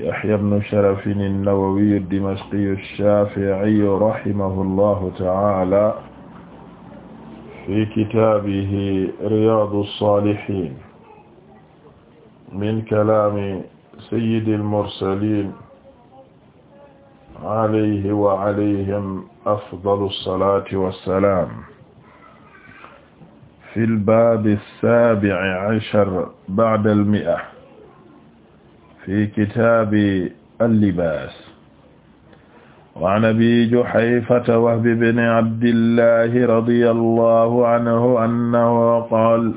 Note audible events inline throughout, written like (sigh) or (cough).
يحيى بن شرف النووي الدمشقي الشافعي رحمه الله تعالى في كتابه رياض الصالحين من كلام سيد المرسلين عليه وعليهم أفضل الصلاة والسلام في الباب السابع عشر بعد المئة fi kitaabi al-libaas wa 'an Abi Juhayfata Wahb ibn Abdillahi radiyallahu anhu annahu qaala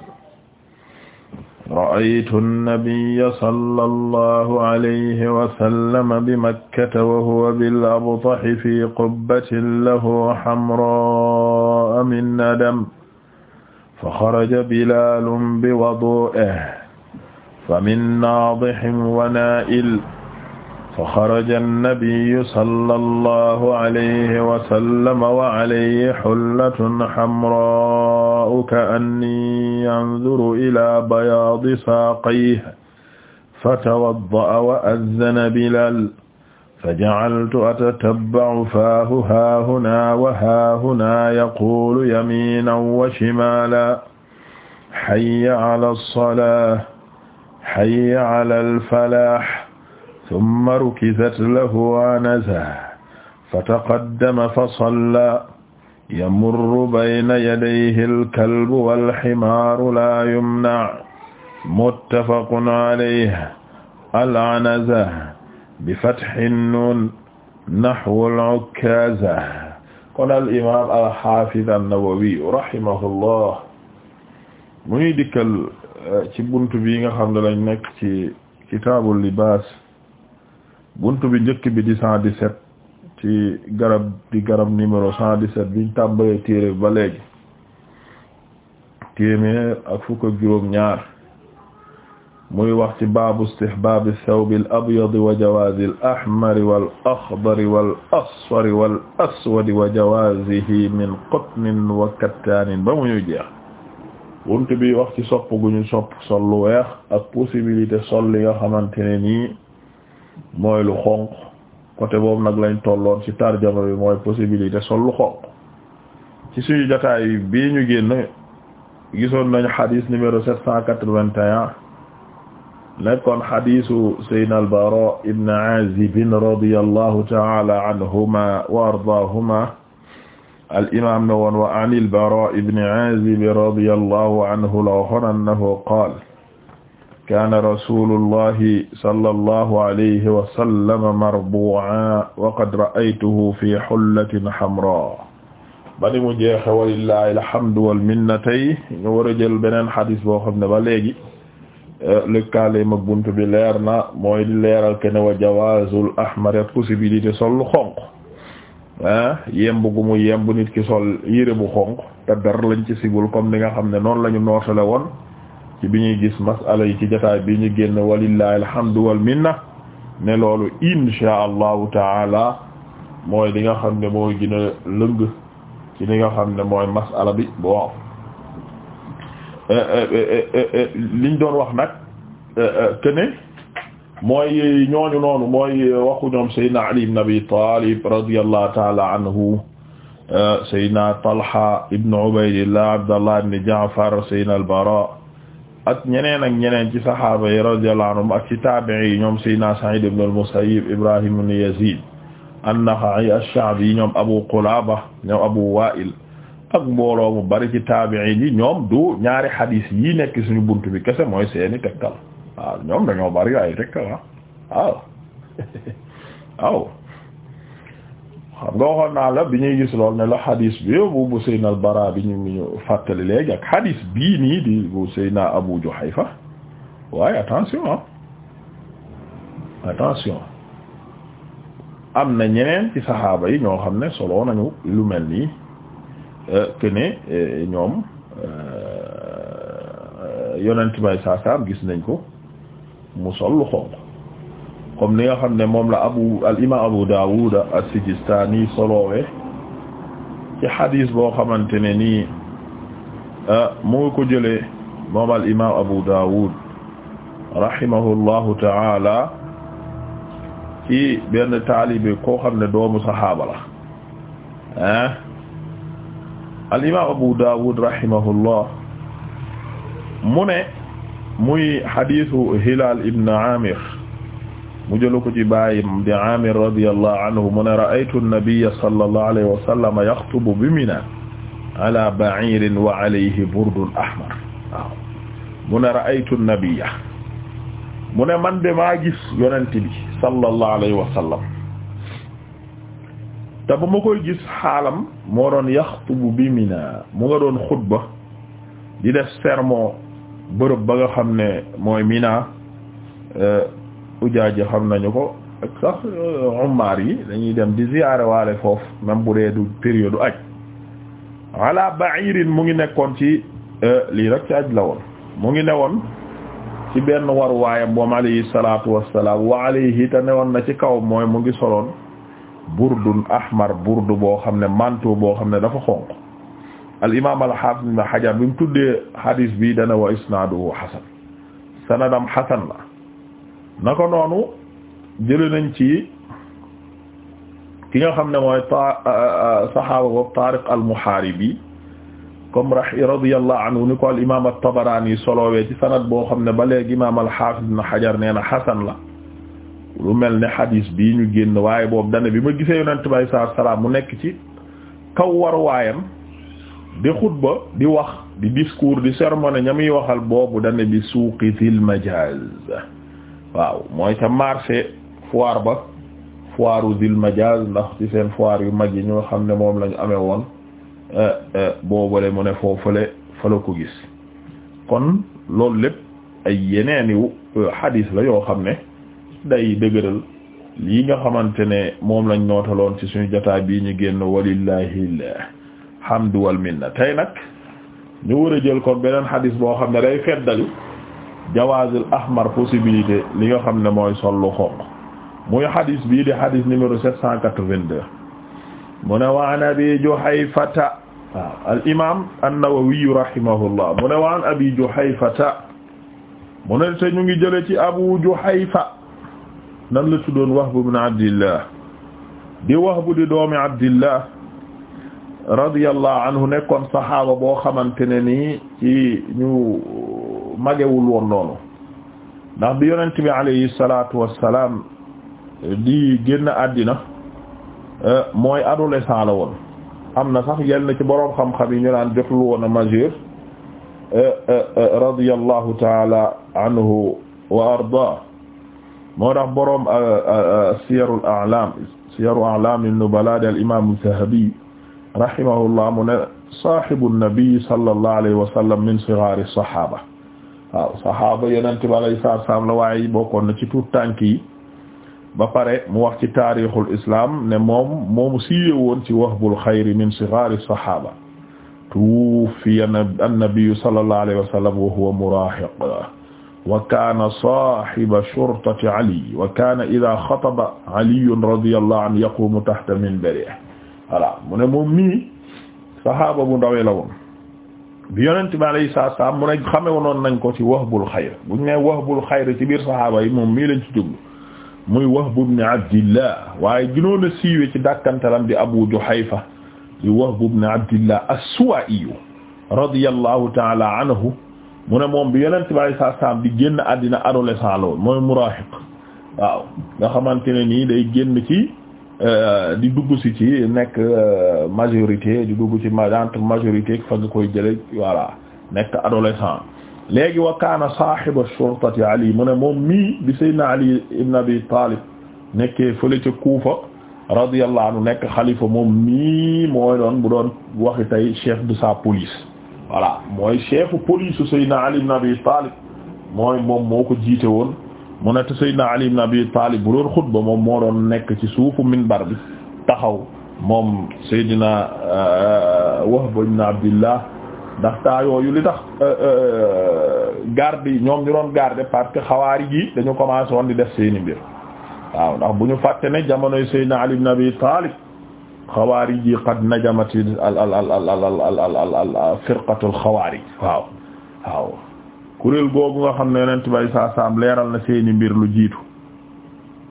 ra'aytu an-nabiyya sallallahu alayhi wa sallam bi Makkata wa huwa bil-abtahi fi qubbatin lahu hamraa min nadam fa kharaja Bilaalun bi wudu'ihi famin naadihin wa naa'il fa xaraja annabiyu salla allahu alayhi wa sallam wa alayhi xullatun xamraa'u ka'annii yanzuru ilaa bayaadi saaqayhi fatawadda'a wa azzana Bilaal faja'altu atatabba'u faahu haahunaa wa haahunaa yaquulu yamiinan wa shimaalan hayya alaa salaah hayya alal falaah summa rukizat lahu anaza fataqaddama fasalla yamurru bayna yadayhi alkalbu walhimaaru laa yumna muttafaqun alayhi alanaza bifathi nuun nahwu al-ukaaza kon al-imaam al-haafiz an-Nawawi rahimahullah muy dikkal Euh, ci buntu bi nga xam la lañ nekk ci kitaabul libaas buntu bi njëkk bi di cent dix ci garab di garab numéro cent dix-sept biñ tàmbalee ba léegi téeméer ak fukk ak ñaar muy wax ci baabu istihbaab ath-thawb al-abyad wa jawaaz al-ahmar wal-akhdar wal-asfar wal-aswad wa jawaazihi min qutnin wa kattaanin ba mu ñuy jeex bunt bi wax ci sopp gu ñu sopp sol lu weex ak possibilité sol li nga xamante ne nii mooy lu xonq côté boobu nag lañ tolloon ci tarjama bi mooy possibilité sol lu xonq ci suñu jataay bi ñu génn gisoon nañu xadis numéro sept cent quatre-vingt-un nekkoon xadisu saydna al-Bara ibn Azib radiyallahu ta'ala anhuma wa ardaahuma al imaam na woon wa an al-Baraa ibn Aazib radiyallahu anhu la waxoon annahu qaala kaana rasuulullahi sallallahu alayhi wa sallam marbuu'an wa qad ra'aytuhu fi hullatin hamraa bani mu jeexe walillaahi alhamdu wal minna tey ñu war a jël beneen xadis boo xam ne ba léegi eh, lëkkaale ma bunt bi leer na mooy di leeral ke ne wa jawaazul ahmar possibilité sol xonq Ah, yemb gu mu yemb nit ki sol yére bu xonq te dara lañ ci sigul comme li nga xam ne noonu la ñu nootale woon ci bi ñuy gis masala yi ci jotaay bi ñu génn walillahi alhamdu wal minna ne loolu insha allahu taala mooy li nga xam ne mooy gën lëng ci li nga xam ne mooy masala bi bon eh, eh, eh, liñ doon wax nag que mooy ñooñu noonu mooy waxu ñoom Seydina Ali ibn Abi Talib radiyallahu ta'ala anhu Seydina Talha ibn Ubaydillah Abdallah ibn Ja'far Seydina al-Bara ak ñeneen ak ñeneen ci saxaaba yi radiyallahu anhum ak ci taabi'i yi ñoom Seydina Sa'id ibn al-Musayyib Ibrahim ibn Yazid an-Nakha'i ash ñoom Abu Qulaba ñoom Abu Wa'il ak mu bari ci taabi'i yi ñoom du ñaari xadiis yi nekk suñu buntu bi kese mooy seeni tegtal waaw ñoom dañoo bari ay tegtal waaw waaw xam nga waxoon naa la bi ñuy gis lool ne la hadis bi bu bu Seydina al ñu ñu fàttali léegi ak hadis bii nii di bu Seydina er Abu Juhayfa waaye attention attention am na ñeneen ci saxaaba yi ñoo xam ne solo nañu lu mel nii que ñoom yonent bay saasaam gis nañ ko mu sol lu xonq ni nga xam ne moom la abu al imaam abu daawud as-sijistaani soloowe ci xadiis boo xamante ne nii ah, mu ngi ko jëlee moom al imaam abu daawud rahimahullahu taala ci benn xam ne doomu saxaaba la ah abu daawud rahimahullah mu ne muy xadiisu Hilaal ibn Aamir mu jëlu ko ci baayam di Aamir radiyallahu anhu mu ne ra'aytu an-nabiyya sallallahu alayhi wa sallam yaxtubu bi Mina ala ba'iirin wa alayhi burdun ahmar waaw mu ne ra'aytu an-nabiyya mu ne man de maa gis yonent bi sallallahu alayhi wa sallam te ba ma koy gis xaalam moo doon yaxtubu bi Mina mu nga doon xutba di def sermon bërëb ba nga xam ne mooy Mina euh, ujaaj xam nañu ko ak sax euh, umar yi dañuy dem di ziyaare waale foofu même bu dee du période aj ala ba'irin mu ngi nekkoon ci euh, lii rek ci aj la woon mu ngi ne woon ci benn war waayam moom alayhi salatu wassalam wa alayhi te ne woon na ci kaw mooy mu ngi soloon burdun ahmar burdu boo xam ne manteau boo xam ne dafa xonq al imaam al haafid ibn bi mu tuddee hadis bi dana wa isnaaduhu hasan sanadam hasan la na ko noonu jëlee nañ ci ki nga xam ne mooy ta saxaaba boobu Taariq al-Muhaaribi comme radiyallahu anhu ni ko imaam at-Tabaraani solowee ci sanad boo xam ba léegi imaam al haafid ibn Hajar na hasan la lu mel ne hadis bii ñu génn waaye boobu dana bi ma gisee Yonent bi sallallahu alayhi wa mu nekk ci kaw waruwaayam. di xutba di wax di discours di sermone ña waxal boobu dane bi suuqi zil majaz waaw mooy ca marché foire ba foiru zil majaz ndax ci seen foire yu mag yi ñoo xam ne moom lañu amee woon eh, eh, boobale mu ne foofale fala ko gis kon loolu lépp ay yeneeni euh, xadiis la yoo xam ne day dëgëral lii nga xamante ne moom lañ nootaloon ci suñu jotaay bii ñu génn walillahi hamdu wal minna tey nag ñu war a jël kon boo xam ne day feddali jawaazil ahmar possibilité li nga xam ne mooy sollu xonq muy xadis bii di xadis numéro sept cent quatre-vingt-deux mu wa an abi juhayfata al imam an-nawawi rahimahullah mu wa an abi juhayfata mu ne te ñu ngi jële ci abu juhayfa nan la tuddoon wahbu ibn abdillah di wahbu di doomi abdillah radiyallahu anhu nekkoon saxaaba boo xamante ne nii ci ñu magewul woon loolu ndax bi yonent bi alayhi wassalaam di génn àddina euh, mooy adolescent la woon am na sax yenn ci boroom xam-xam yi ñu naan jotul woon a majeur euh, euh, radiyallahu taala siyaru wa arda moo tax boroom al imam az-Zahabi rahimahullah mu ne sahibu nabi sallallahu alayhi wa sallam min sighari sahaba waaw sahaaba yenente bi alayhi salaam la waaye bokkoon na ci tuut tànk yi ba pare mu wax ci taarixul islam ne moom moomu siiwe woon ci wahbul xayri min sighari sahaba tuwuffiya annabiyu sallallahu alayhi wa sallam wa huwa muraahiq wa kaana saahiba shurtati ali wa kaana idaa xataba aliyun radiyallahu anhu yaquumu tahta minbarihi voilà mu ne moom mii saxaaba bu ndawee la woon bi yonent bi alayhi salaam mu ne nañ ko ci wahbul xayr buñ ne wahbul ci biir saxaaba yi moom mii lañ ci jublu muy Wahb ibn Abdillah waaye gënoon a siiwee ci dàkkantalam bi Abu Juhayfa di Wahb ibn Abdillah as-Suwa'i radiyallahu ta'ala anhu mu ne moom bi yonent bi alayhi salaam di génn àddina adolescent la woon mooy muraahiq waaw nga xamante Euh, di dugg si ci nekk euh, majorité di dugg ci entre majorité fa nga koy jële voilà nekk adolescent léegi wa kaana saahiba shurtati ali mu ne moom mii di saydna ali ibn abi talib nekkee fële ca Kuufa radiyallahu anhu nekk xalifa moom mii mooy doon bu doon waxi tey chef de sa police voilà mooy chef police u ali ibn abi talib mooy moom ko jiite woon mu ne te Seydina Ali ibn Abi Talib bu doon xutba moom moo doon nekk ci suufu minbar bi taxaw moom Seydina Wahb ibn Abdillah ndax taa yooyu li tax garde yi ñoom ñu doon garde parce que xawaari yi dañu commencé woon di def seeni mbir waaw ndax bu ñu fàtte ne jamonoy Seydina Ali ibn Abi Talib xawaari yi qad najamati al al al al al al al waaw kuréel googu nga xam ne yonent bay saa leeral na seeni mbir lu jiitu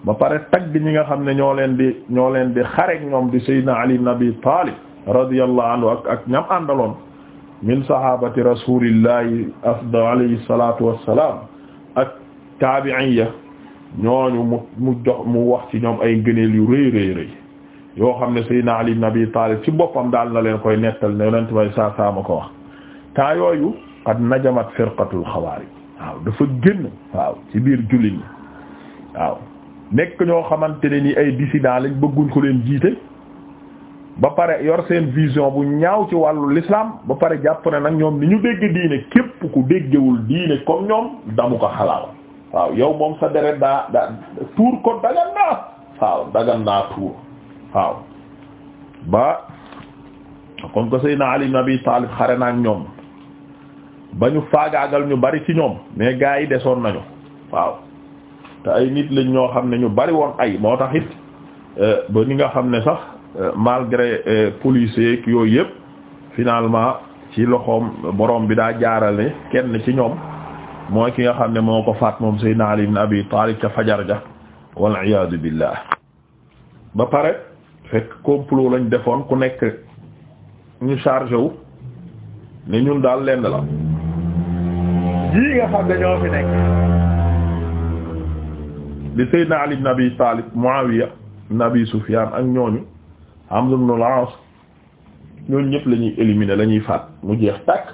ba pare tagg ñi nga xam ne ñoo leen di ñoo leen di xareek ñoom di sayyidina Ali ibn Abi Talib ak ak ñam àndaloon min sahabati rasulillahi afdal alayhi salatu wassalam ak tabi'iyya ñooñu mu mu jox mu wax ci ñoom ay gëneel yu rëy rëy rëy yoo xam ne sayyidina Ali ibn Abi Talib ci boppam daal na leen koy nettal ne yonent bay saa saama ko wax temps yooyu qad najamat firqatul xawaarij waaw dafa génn waaw ci biir jullit ñi waaw nekk ñoo xamante ne ni ay dissidents lañ bëgguñ ko leen jiite ba pare yor seen vision bu ñaaw ci wàllu lislaam ba pare jàpp ne nag ñoom ni ñu dégg diine képp ku déggewul diine comme ñoom damu ko xalaal waaw yow moom sa deret daa daa tuur ko dagan naa waaw dagan naa tuur waaw ba comme que Seydina Ali ibn Abi Talib xare naa ñoom ba ñu faagaagal ñu bari ci ñoom mais gaa yi desoon nañu waaw te ay nit lañ ñoo xam ne ñu bari woon ay moo tax it euh, ba ni nga xam ne sax euh, malgré euh, policier yooyu yëpp finalement ci loxoom borom bi daa jaarale kenn ci ñoom mooy ki nga xam ne moo ko faat moom Seydina Ali ibn Abi Talib ca fajar ja wal iyaadu billah ba pare fekk complot lañ defoon ku nekk ñu chargé wu ne ñun daal lenn la jii nga xam ne ñoo fi nekk di Ali ibn Abi Talib Muawiya ibn Abi Sufyan ak ñooñu Amr ibn al-As ñooñu ñëpp la ñuy éliminer la faat mu jeex tàkk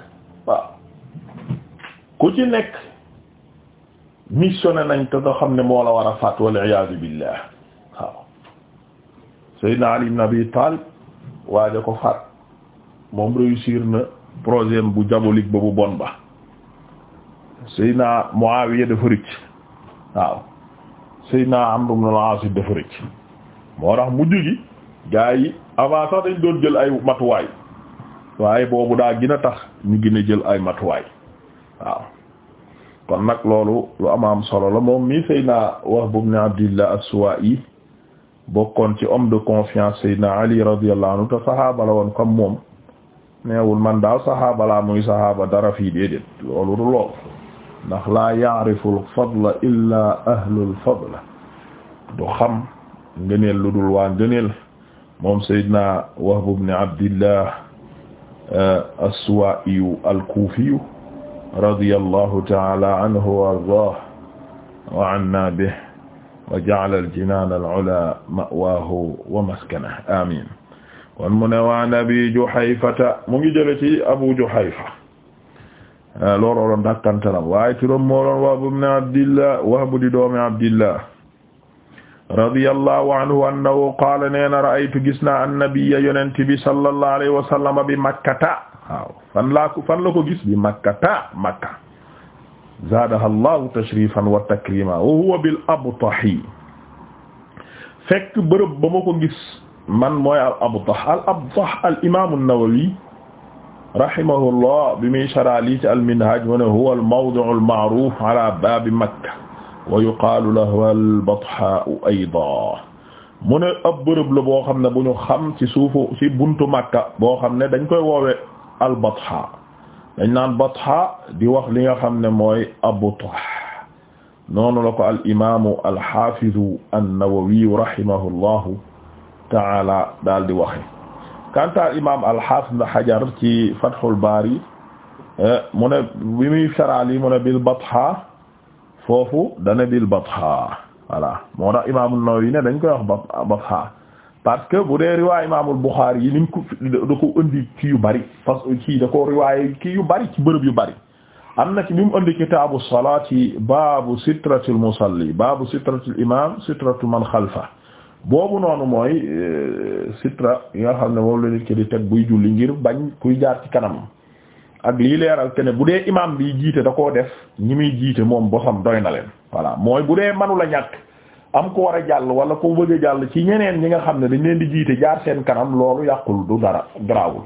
waaw ku ci nekk missionné nañ te doo xam ne moo la war a faat wal iyaadu billah waaw Seydina Ali ibn Abi Talib waaja ko faat moom réussir na projet bu diabolique ba bu bon ba Seydina Muawiya dafa rëcc waaw Seydina Amr na al-As dafa rëcc moo tax mujj gi gaa yi avant sax dañ doon jël ay matuwaay waaye boobu daa gin a tax ñu gën a jël ay matuwaay waaw kon nag loolu lu am am solo la moom mii Seydina Wahb ibn Abdillah as-Suwa'i bokkoon ci homme de confiance Seydina Ali radiyallahu anhu te saxaaba la woon comme moom neewul man daal saxaaba laa muy saxaaba dara fii déedéet loolu du loolu ndax laa ya'rifu al-fadla illaa ahlu al-fadla du xam ngëneel lu dul waa ngëneel moom Seydina Wahb ibn Abdillah euh, as-Suwaa'iyu al-Kuufiyu radiyallahu ta'ala anhu wa ardaahu wa annaa bihi wa ja'ala al-jinaana al-'ulaa ma'waahu wa maskanahu amiin kon mu ne waa Abi Juhayfata mu ngi jële ci Abu Juhayfa Eh, looloo doon dakkantalam waaye turam moo doon Wahb ibn Abdillah Wahb di doomi Abdillah radiyallahu anhu annahu qaala neena ra'aytu gis naa annabiyya yonent bi sallallahu alayhi wa sallam bi makkata waaw fan laa ko fan la ko gis bi makkata makka zaadaha allahu tashrifan wa takrima wa huwa bil abtahi fekk bërëb ba ma ko gis man mooy al abtah al abtah al imam an-Nawawi rahimahullah bi muy shara lii ci alminhaj mu ne huwa almawdi'u alma'ruf ala baabi makka wa yuqaalu lahu albathaa'u aydan mu ne ab bërëb la boo xam ne bu ñu xam ci suufu ci buntu makka boo xam ne dañ koy woowe albathaa dañ naan bathaa di wax li nga xam ne mooy abtah noonu la ko al imaamu alxaafidu annawawiyu rahimahullahu taala daal di waxe kanta imam al-Hafiz ibn Hajar ci Fathul Bari eh, mu ne bi muy saral yi mu ne bil batha foofu dana bil batha voilà moo tax imam an-Nawawi ne dañ koy wax ah, batha parce que bu dee riwaay imaamul Buxaari yi nim ko da ko indi ci yu bari parce que ci da ko riwaay kii yu bari ci bërëb yu bari am na ci bi mu indi kitaabu salaati baabu sitratil musalli baabu sitratil imam sitratu man xalfa boobu noonu mooy euh, sitra yi nga xam ne moom la nit ki di teg buy julli ngir bañ kuy jaar ci kanam ak lii leeral keneen bu dee imam bi jiite da koo def ñi muy jiite moom bosam doy na leen voilà mooy bu dee manu la ñàkk am ko war a jàll wala ko bëgg a jàll ci ñeneen ñi nga xam ne dañ leen di jiite jaar seen kanam loolu yàqul du dara garaawul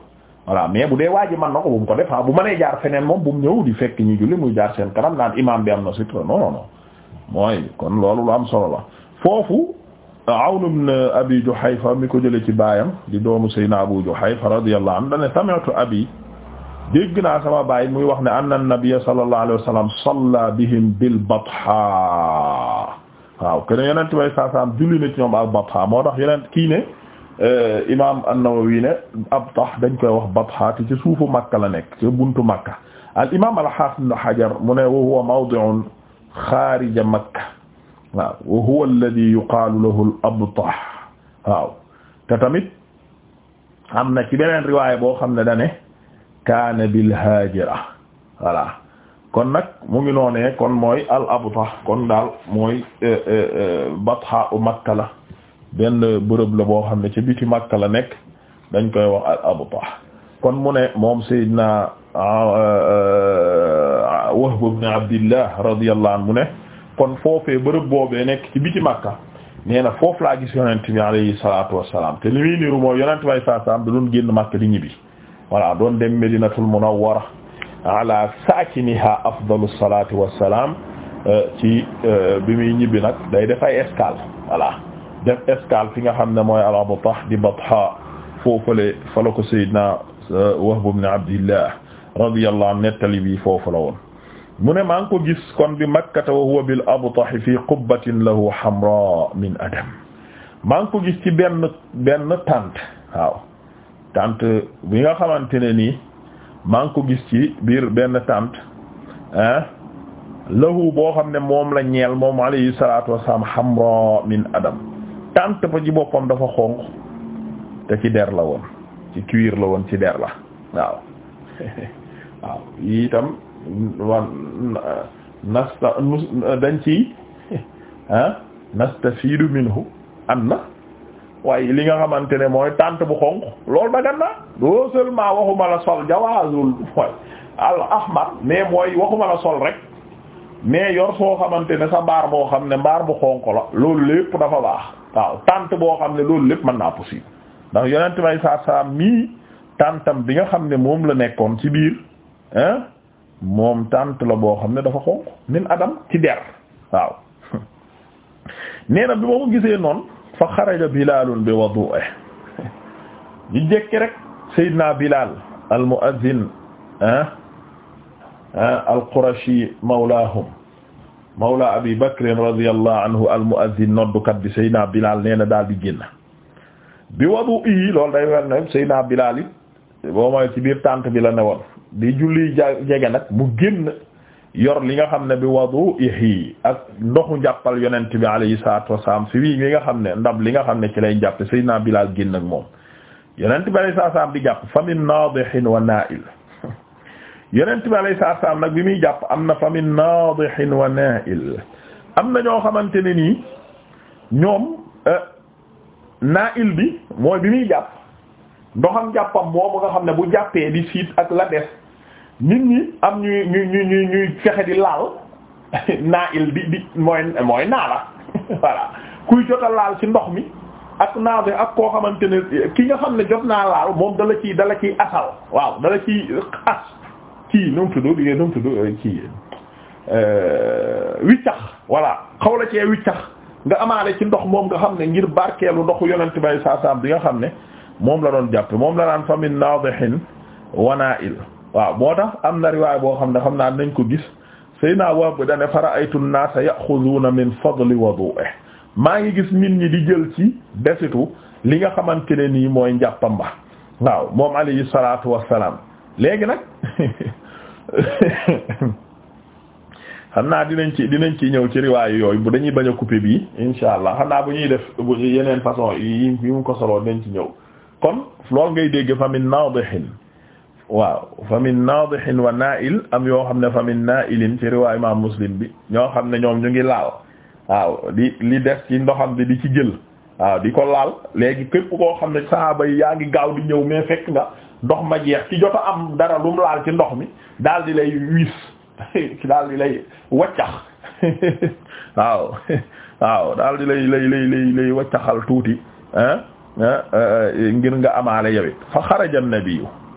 voilà mais bu dee waa ji man na ko bu mu ko def ah bu mënee jaar feneen moom bu mu ñëw di fekk ñu julli muy jaar seen kanam naan imam bi am na sitra non non non mooy kon loolu am solo la foofu Awn ibn Abi Juhayfa mi ko jëlee ci baayam di doomu Seydina Abu Juhayfa radiyallahu anhu dane sami'tu abi dégg naa sama baay muy wax ne anna nabiyya sallallahu alayhi wa sallam salla bihim bil batha waaw kene yonent bay saasaam julli na ci ñoom al batha moo tax yonent kii ne eh, imaam an-Nawawi ne abtah dañ koy wax batha te ci suufu Makka la nekk ci buntu Makka al imaam al-Hafiz Ibn Hajar mu ne wa huwa mawdi'un xaarija Makka waaw wa huwa alladhi yuqaalu lahu al-abtah waaw te tamit am na ci beneen riwaay boo xam ne dane kaana bil haajira voilà kon nag mu ngi noonee kon mooy al abtah kon daal mooy e, e, e, batha u makka la benn bërëb la boo xam ne ci biti makka la nekk dañ koy wax al abtah kon mu ne moom sayyidina wahb ibn abdillah radiyallahu anhu mu ne kon foofee bërëb boobee nekk ci biti Makka nee na foofu laa gis yonent bi alayhi salaatu wassalaam te li muy niru mooy yonent doon génn Makka di ñibbi voilà doon dem Medinatul Munawwara ala saakiniha afdalu salaati wassalaam euh, ci euh, bi muy ñibbi nag day def ay escale voilà def escale fi nga xam ne mooy al Abtah di Batha foofale fa ko Seydina euh, Wahb ibn Abdillah radiyallahu anhu nettali bi foofu la mu ne maa ngi ko gis kon bi makkata wa huwa bil abtahi fi qubbatin lahu hamra min adam maa ko gis ci benn benn tànt waaw tànt bi nga xamante ne nii maa ngi ko gis ci biir benn tànt ah boo xam ne moom la ñeel moom alayhi salatu wassalam hamra min adam tànt ba ci boppam dafa xonq te ci der la woon ci cuir la woon ci der la waaw (laughs) waaw itam wa nasta dañ ci (laughs) ah nastafiidu minhu am na waaye li nga xamante ne mooy tànt bu xonq loolu dagan na non seulement waxuma la sol jawaazul mooy al ahmar mais mooy waxuma la sol rek mais yor soo xamante ne sa mbaar moo xam ne mbaar bu xonq la loolu lépp dafa baax waaw tànt boo xam ne loolu lépp mën naa possible ndax yonent may saa saa mii tàntam bi nga xam ne moom la nekkoon ci biir hein moom tànt la boo xam ne dafa xonq min adam ci der (laughs) bi ma ko gisee fa xaraja bilalun bi wadu'ih di jekki rek sayyidina bilal al mu'adhdhin al ah, ah, qurashi mawlaahum mawla abi bakrin radiyallahu anhu al mu'adhdhin noddukat bi sayyidina bilal nee daal di génn bi wadu'ihi loolu day wer ne sayyidina bilal it boo mooy ci biir tànt bi la ne woon di julli jege nag mu génn yor li nga xam ne bi wadu'ihi ak ndoxu njàppal yonent bi alayhi salatu wasalam si wi li nga xam ne ndab li nga xam ne ci lay jàppe Seydina Bilaal génn ak moom yonent bi alayhi salatu wasalam di jàpp fa min nadihin wa na'il yonent bi alayhi salatu wasalam nag bi muy jàpp am na fa min nadihin wa na'il am na ñoo xamante ne nii ñoom euh, na'il bi mooy bi muy jàpp ndoxam jàppam moomu nga xam ne bu jàppee di siit ak la des nit ñi am ñu ñu ñuy ñuy fexe di laal naa il di di mooy mooy naa la (laughs) kuy jot a laal ci ndox mi ak naa ak koo xamante ne ki nga xam ne jot naa laal moom dala ci dala ciy asal waaw dala ci as kii nu mu tudd di nu mu tudd kii euh, wiccax voilà xaw la cee wiccax nga amaale ci ndox moom nga xam ne ngir barkeelu ndoxu yonent bay saasaam bi nga xam ne moom la doon jàppe moom la daan famin naadihin wanaa il waaw moo tax am na riwaay boo xam ne xam naa nañ ko gis Seydina Wahb bu dane fara aytu naasa yaxuzuuna min fadli wudu'i maa ngi gis nit ñi di jël ci desitu li nga xamante ne nii mooy njàppam ba waaw moom alayhi salaatu wassalaam léegi nag (laughs) xam naa dinañ ci dinañ ci ñëw ci riwaayu yooyu bu dañuy bañ a couper bii insha allah xam naa bu ñuy def yeneen façon yi yi mu ko soloo dinañ ci ñëw kon lool ngay dégg fa min naadihin waaw fa min naadihin wa naa'il am yoo xam ne fa min naa'ilin ci riwaay imaam muslim bi ñoo xam ne ñoom ñu ngi laal waaw di li des ci ndoxam bi di ci jël waaw di ko laal léegi képp koo xam ne sahaaba yi yaa ngi gaaw di ñëw mais fekk nga ndox ma jeex ci jot a am dara lu laal ci ndox mi daal di lay wiis (laughs) daal di lay waccax (laughs) waaw (laughs) waaw daal di lay lay lay waccaxal tuuti euh, euh, ngir nga amaale yowit fa xaraja an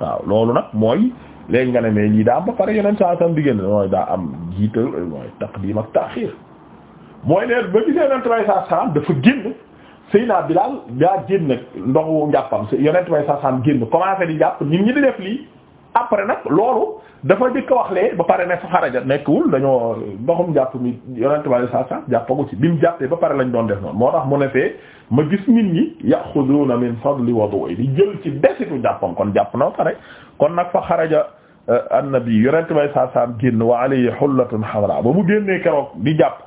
waaw loolu nag mooy léegi nga ne mais lii daa am ba pare yeneen saa tam diggante mooy daa am jiital mooy taqdim ak taaxir mooy ne ba gisee yonent bay saa saam dafa génn Seyna Bilaal daa génn ndoxu njàppam yonent bay saa saam génn commencé di jàpp nit ñi di def lii après nag loolu dafa jëkk a wax ba pare ne fa xaraja nekkul dañoo ndoxum jàpp mi yonent bale saa saa jàppagu ci bi mu jàppee ba pare lañ doon def noonu moo tax mu ne fee ma gis nit ñi yaxuduuna min fadli wudu'i di jël ci desitu jàppam jàpp na pare kon nag fa xaraja eh, annabi yonent bale saa saa génn wa alayhi hullatun hamra ba mu génnee keroog di jàpp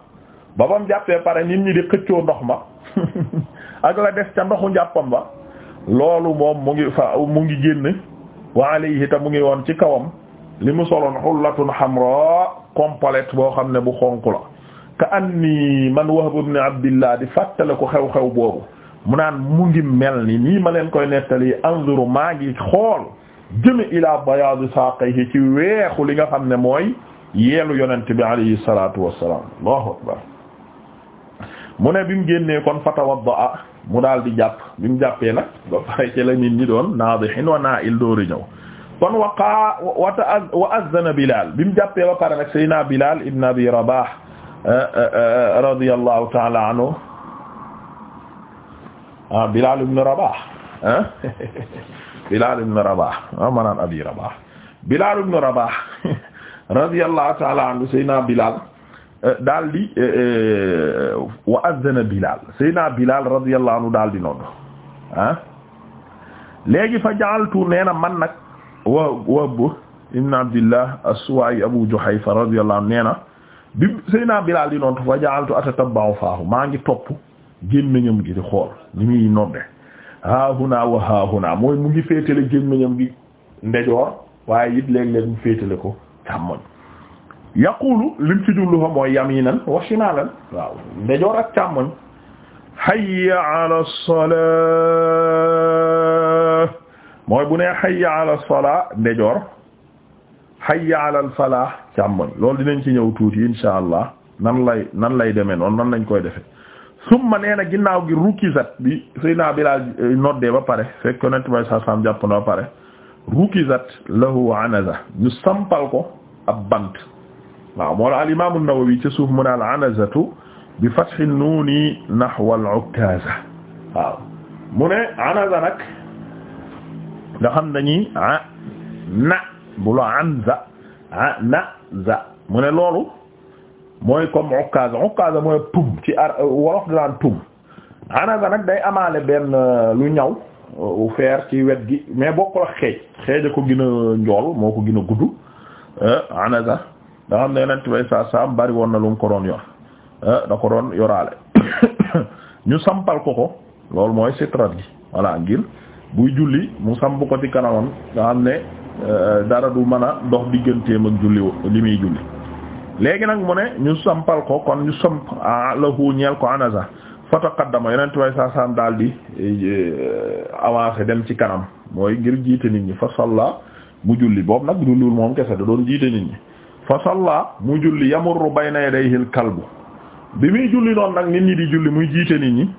ba ba mu jàppee nit ñi di xëccoo ndox ma (laughs) ak ca ndoxu jàppam ba loolu moom mu ngi fa mu ngi génn wa alayhi ta mu ngi woon ci kawam li mu soloon xullatun xamra complète boo xam ne bu xonq la ka anni man Wahb ibn Abdillah di fàttale ko xew-xew boobu mu naan mu ngi mel ni nii ma leen koy nettali anzuru maa ngi xool jëme ila bayaadu saaqayhi ci weexu li nga xam ne mooy yeelu yonent bi alayhi salaatu wassalaam allahu akbar mu ne bi mu génnee kon fatawadda mu daal di jàpp bi mu jàppee ba pare ci la naadihin wa naa'il dóori ñëw kon waqaa wata wa azzana Bilal bi mu jàppee ba pare nag Seydina Bilal ibn Abi Rabah eh, eh, eh, radiyallahu ta'ala anhu ah, Bilal ibn Rabah (laughs) Bilal ibn Rabah ah ma (laughs) ta'ala anhu Seydina Bilal daal di eh, eh, wa azzana Bilal Seydina Bilal radiyallahu anhu daal di nodd ah fa ja'altu nee na man nag wa Wahb ibn Abdillah as-Suwa'i Abu Juhayfa radiyallahu anhu nee na bi Seydina Bilal di nodd fa ja'altu atatabba'u faahu maa ngi topp gémmiñam gi di xool ni muy nodde haahuna wa haahuna mooy mu ngi féetale gémmiñam gi ndejoor waaye it léeg-léeg mu féetale ko càmmoñ yaqulu lim ci jublu fa mooy yaminan wa shimalan waaw ndejoor ak càmmoñ hayya ala salaa mooy bu nee hayya ala salaa ndejoor hayya ala al falah càmmoñ loolu dinañ ci ñëw tuuti insha allah nan lay nan lay demee noonu nan lañ koy defe summa nee na ginnaaw gi rukizat bi sayna Bilaal eh, noddee ba pare fekk yonent bay saa saam jàpp na ba pare rukizat lahu anaza ñu sampal ko ab bant waaw moo la al imam an-Nawawi ca suuf mu ne al anazatu bi fathi nuuni nahwa al ukkaza waaw mu ne anaza nag nga dañuy na bu la anza a na mu ne loolu mooy comme ukkaza ukkaza mooy tum ci ar wolof daan tum anaza nag day amaale benn euh, lu ñaw euh, feer ci wet gi mais bokkul ak xeej xeeja ko gën njool moo ko gën a gudd euh, anaza nga xam ne yonent bay saa saam bari woon na lu mu ko doon yor eh, da ko doon yoraale (coughs) ñu sampal ko ko loolu mooy sitrat gi voilà ngir buy julli mu samp ko ci kanamam nga xam ne eh, dara du mën a dox digganteem ak julli li muy julli léegi nag mu ne ñu sampal ko kon ñu samp ah, lahu ñeel ko anaza fa taqaddama yonent way saa saam daal di eh, avancé dem ci kanam mooy ngir jiite nit ñi fa salla mu julli boob nag julliwul moom kese da doon jiite nit ñi fa salla mu julli bay bayna yadayhi al-kalbu bi muy julli noonu nag nit ñi di julli muy jiite nit ñi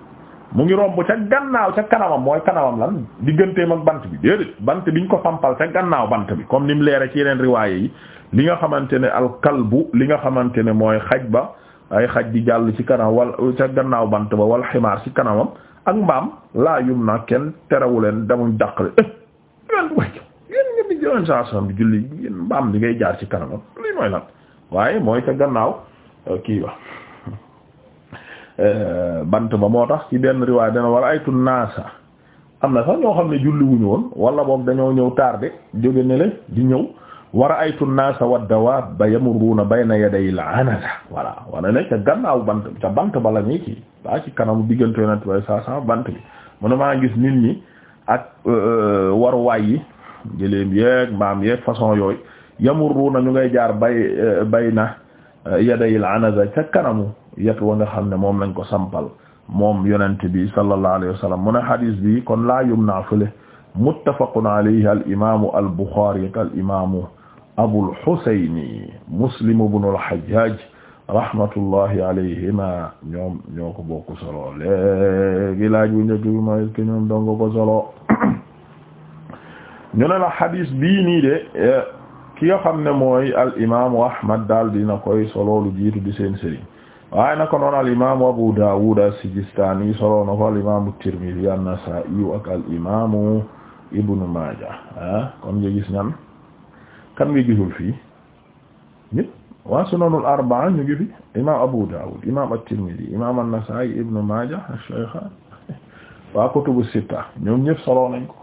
mu ngi romb ca gannaaw ca kanamam mooy kanamam lan digganteem ak bant bi déedéet bant biñ ko sampal ca gannaaw bant bi comme ni mu leere ci yeneen riwaaye yi li nga xamante ne alkalbu li nga xamante ne mooy xaj ba ay xaj di jàll ci kanam wal ca gannaaw bant ba wal ximaar ci kanamam ak mbaam laa yum na kenn terewuleen damuñ dàqle eh, yoon saa soxna julli mbaam bi ngay jaar ci kanamam lii waaye mooy ca gannaaw euh, kii ba euh, bant ba moo tax ci benn riwaay am na sax ñoo xam ne julli woon wala boog dañoo ñëw tardé jóge ne di ñëw war a ay tun naasa wa dawaab ba yamurruuna bayna yaday la wala ne ca bant ca bant ba kanamu diggante yonent bant bi maa gis nit ñi ak euh, waruwaay yi gëléem yeeg mbaam yeeg façon yooyu yamurruuna ñu ngay jaar bay euh, bay na euh, yadayil anaza ca kanamu yet wa nga xam ne moom lañ ko sampal moom yonent bi sallallahu alayhi wa sallam mu ne hadis bi kon laa yumna fële muttafaqun alayhi al imamu al buxaari ak al imamu abul xusayni muslim ibnu al hajjaj rahmatullahi alayhima ñoom ñoo ko bokk solo léegi laaj bu njëkk bi mooy est-ce que ñoom donga ko solo (coughs) ñu ne la xadis bii nii de eh, ki nga xam ne mooy al imaamu Ahmad daal dina koy solo lu jiitu di seen sëriñ waaye naka noonu al imaamu Abu Dawud as-Sijistani solo na ko al imaamu Tirmidhi an-Nasa'i ak al ah, gis ñan kan nga gisul imaam Abu Dawud imaam at-Tirmidhi imaam an-Nasa'i Ibn Maaja ash-Shaykhan (laughs) waa kutubu sitta ñoom ñëpp solo nañ ko.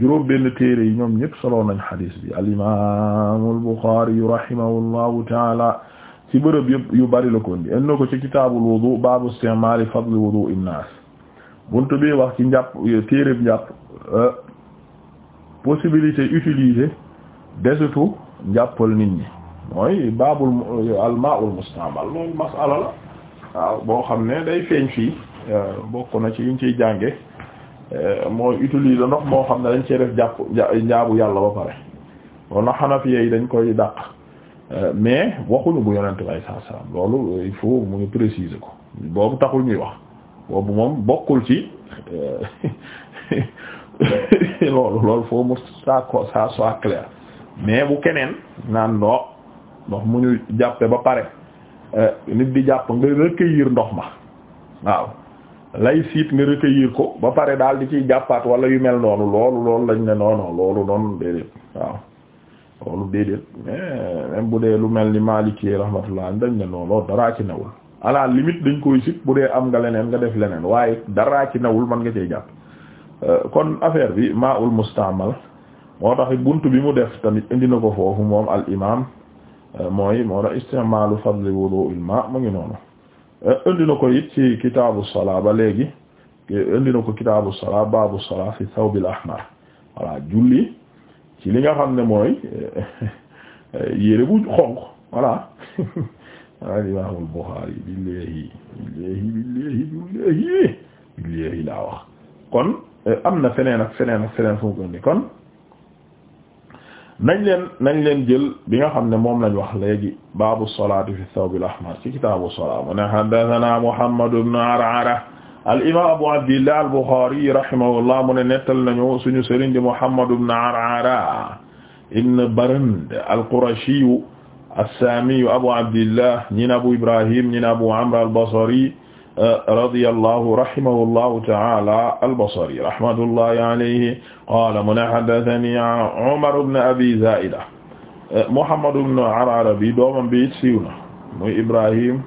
juróom benn téere yi ñoom ñëpp solo nañ xadis bi al imam al Bukhari rahimahullahu taala ci bërëb yëpp yu bari la ko indi en ko ci kitaabul wudu baabu istimaali fadli wudu innaas buntu bi wax ci njàpp téere bi njàpp euh, possibilité utiliser desitu njàppal nit ñi mooy baabul al maa'ul musta'mal loolu masala la waaw boo xam ne day feeñ fii euh, bokk na ci yiñ ciy jànge Euh, mooy utiliser ndox moo xam ne dañ cee def jàpp njaabu yàlla ba pare loolu na xanafiye yi dañ koy dàq euh, mais waxuñu bu yonente bay saa salaam loolu euh, il faut mu préciser ko boobu taxul ñuy wax boobu moom bokkul ci (laughs) loolu loolu faut mu ça ça soit clair mais bu keneen naan noo ndox mu ñu jàppe ba pare nit di jàpp nga recueillir ndox ma waaw lay siit nga recueillir ko ba pare daal di ciy jàppaat wala yu mel noonu loolu loolu lañ ne noonon loolu noonu déedéet waaw loolu déedéet mais même bu dee lu mel ni Maliki rahmatullah dañ ne noonu loolu daraa ci newul à la limite dañ koy sit bu dee am nga leneen nga def leneen waaye daraa ci newul mën nga cee jàpp euh, kon affaire bi maul mustaamal moo tax bunt bi mu def tamit indi na ko foofu moom al imam euh, mooy moo tax istimaalu fadli wudu'il ma mu ngi noonu Eh, indi na ko it ci kitaabu salaa ba léegi eh, indi na ko kitaabu salaa baabu salaa fi thawbil ahmar voilà julli ci li nga xam ne mooy eh, (laughs) yére bu xonq voilà (laughs) al imaamul Buxaari billahi billahi billahi billahi laa wax kon am na feneen ak feneen ak feneen fu mu ko ni kon nañ leen nañ leen jël bi nga xam ne moom lañ wax léegi baabu salaati fi thawbil ahmar ci kitaabu salaa mu ne haddathana Muhammad ibn Ar'ara al imam Abu Abdillah al-Bukhari rahimahullah mu ne nettal nañu suñu sëriñ di Muhammad ibn Ar'ara ibn Barand al-Qurashi as-Sami Abu Abdillah ñi ne Abu Ibrahim ñi ne Abu Amr al-Basri radiyallahu rahimahullahu ta'ala al-Basri rahmatullahi alayhi qala mu ne haddathani Umar ibn Abi Zaida euh, Muhammad ibn Ararabi doomam bi siiw na muy Ibrahim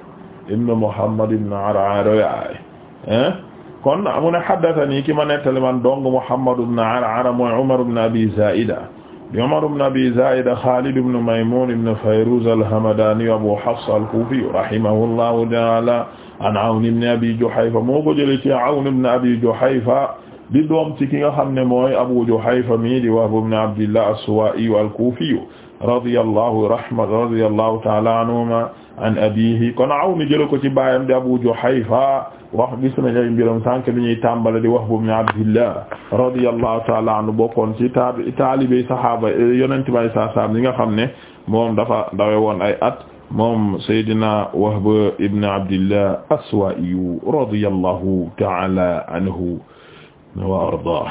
ibn Muhammad ibn Ararabi kon mu ne haddathani ki ma nettali man dong Muhammad ibn Arara mooy Umar ibn Abi Zaida di Umar ibn Abi Zaida Xaalid ibn Maymuun ibn Fayruz al-Hamdaani Abu Hafs al-Kuufi rahimahullahu ta'aala an Awn ibn Abi Juhayfa moo ko jëlee ci Awn ibn Abi Juhayfa di doom ci ki nga xam ne mooy Abu Juhayfa mi di Wahb ibn Abdillah as-Suwaa'i al-Kuufi radiyallahu rahma radiyallahu ta'aala anhumaa an abihi kon aw ni jëla ko ci baayam di Abu Juhayfa wax gis nañ ay mbiram sànq bi ñuy tàmbale di Wahb ibn Abdillah radiyallahu ta'ala anhu bokkoon ci ta taalibey sahaaba yonente may sa sam yi nga xam ne moom dafa ndawe woon ay at moom Seydina Wahb ibn Abdillah Aswa'i radiyallahu ta'ala anhu wa ardaa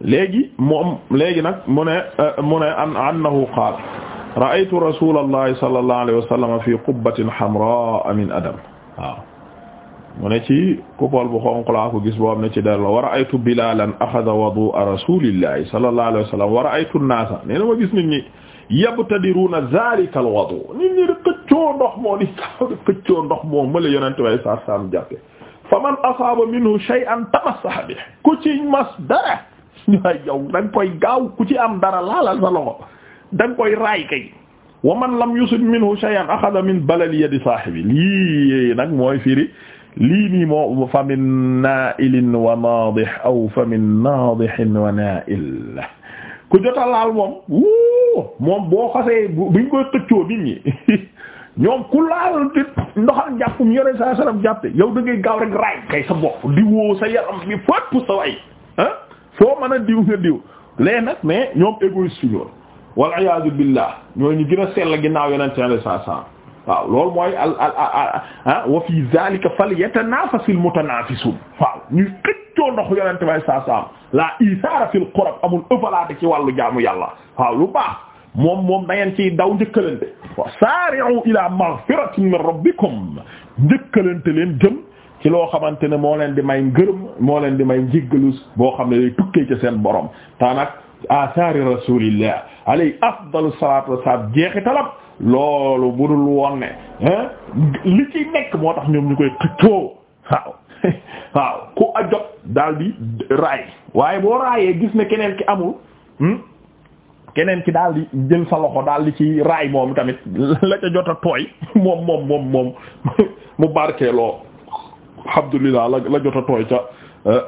léegi moom léegi nag mu ne mu ne an annahu qaala ra'aytu rasulallahi sallallahu alayhi wa sallam fi qubbatin hamraa min adam waaw mu ne ci coupole bu xonq laa ko gis boo xam ne ci der la wa ra'aytu bilalan axada wadu'a rasulillahi sallallahu alayhi wa sallam wa ra'aytu an-naasa nee na ma gis nit ñi yabtadiruuna zaalika al-wadu nit ñi di xëccoo ndox moo di xëccoo ndox moo mala yonente way sa sam jàppe fa man asaaba minhu shay'an tamassaha bihi ku ci mas dara ñu (laughs) ay yow danga koy gaaw ku ci am dara laalal sa loxo da koy raay kay wa man lam yusib minhu shay'an axada min balali lii mooy firi lii nii moo fa min naa'ilin wa naadih fa min naadihin ku jota laal moom wuu moom boo xasee buñ koy tëccoo nit (laughs) ñoom ku laal di ndoxal njàppum yore saa salam jàppe yow da ngay gaaw rek raay kay sa bopp diwoo sa yaram bi fépp sa way ah foo mën a diw di diw léegi nag mais ñoom égoïste loolu wal iyaazu billah ñooy ñu gën a sell ginnaaw yeneen seen saa saa waaw loolu mooy al al ah wa fi zalika falyatanafasil mutanafisun waaw ñuy xëccoo ndox yeneen bay saa saa la isaara fil qurab amul ëppalaate ci wàllu jaamu yàlla waaw lu baax. moom moom da ngeen ciy daw njëkkalante wa saari'u ila maghfiratin min rabbikum njëkkalante leen jëm ci loo xamante ne moo leen di may ngërëm moo leen di may njéggalus boo xam ne lay tukkee ci seen borom ta nag asaari rasulillah alay afdalu salatu wassalam jeexi talab loolu budul woon ne li ci nekk moo tax ñoom ñu koy xëccoo waaw (laughs) waaw ku a jot daal di raay waaye boo raayee gis ne keneen ki amul hmm, keneen ki daal di jël sa loxo daal di ci raay moom tamit la ca jot a tooy (laughs) moom moom moom moom (laughs) mu barkeeloo alhamdulillah la la jot a tooy ca euh,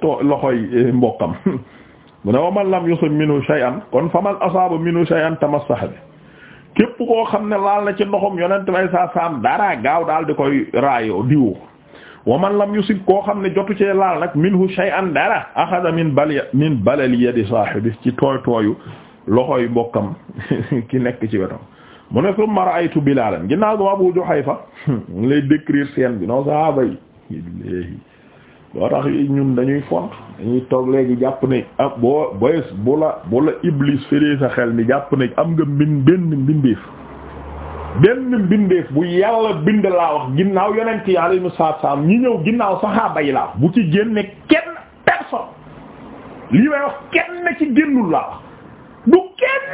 too loxoy euh, mbokkam mu ne wa man lam yusib minhu shay'an kon fa man asaaba minhu shay'an tamassaha bi képp koo xam ne laal na ci ndoxum yonent bay saa saam dara gaaw daal di koy raayoo diwoo wa man lam yusib koo xam ne jotu cee laal nag minhu shay'an dara axada min bal min balali yadi saahibi ci tooy loxo yi mbokkam (laughs) ki nekk ci wetam mu ne summa ra'aytu Bilalan ginnaaw go Abu Juhayfa (laughs) mu lay décrire scène bi no sahaba yi boo tax ñun dañuy font dañuy toog léegi jàpp ne ah boo booy bu la bu la iblis féree sa xel ni jàpp ne am nga mbin benn mbindeef benn mbindeef bu yàlla bind laa wax ginnaaw yonent yi alayhimu salaam ñi ñëw ginnaaw saxaaba yi laa bu ci génne kenn personne li may wax kenn ci génnul laa wax du kenn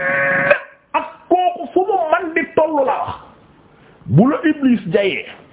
ak kooku fu mu man di tollu laa wax bu la iblis jayee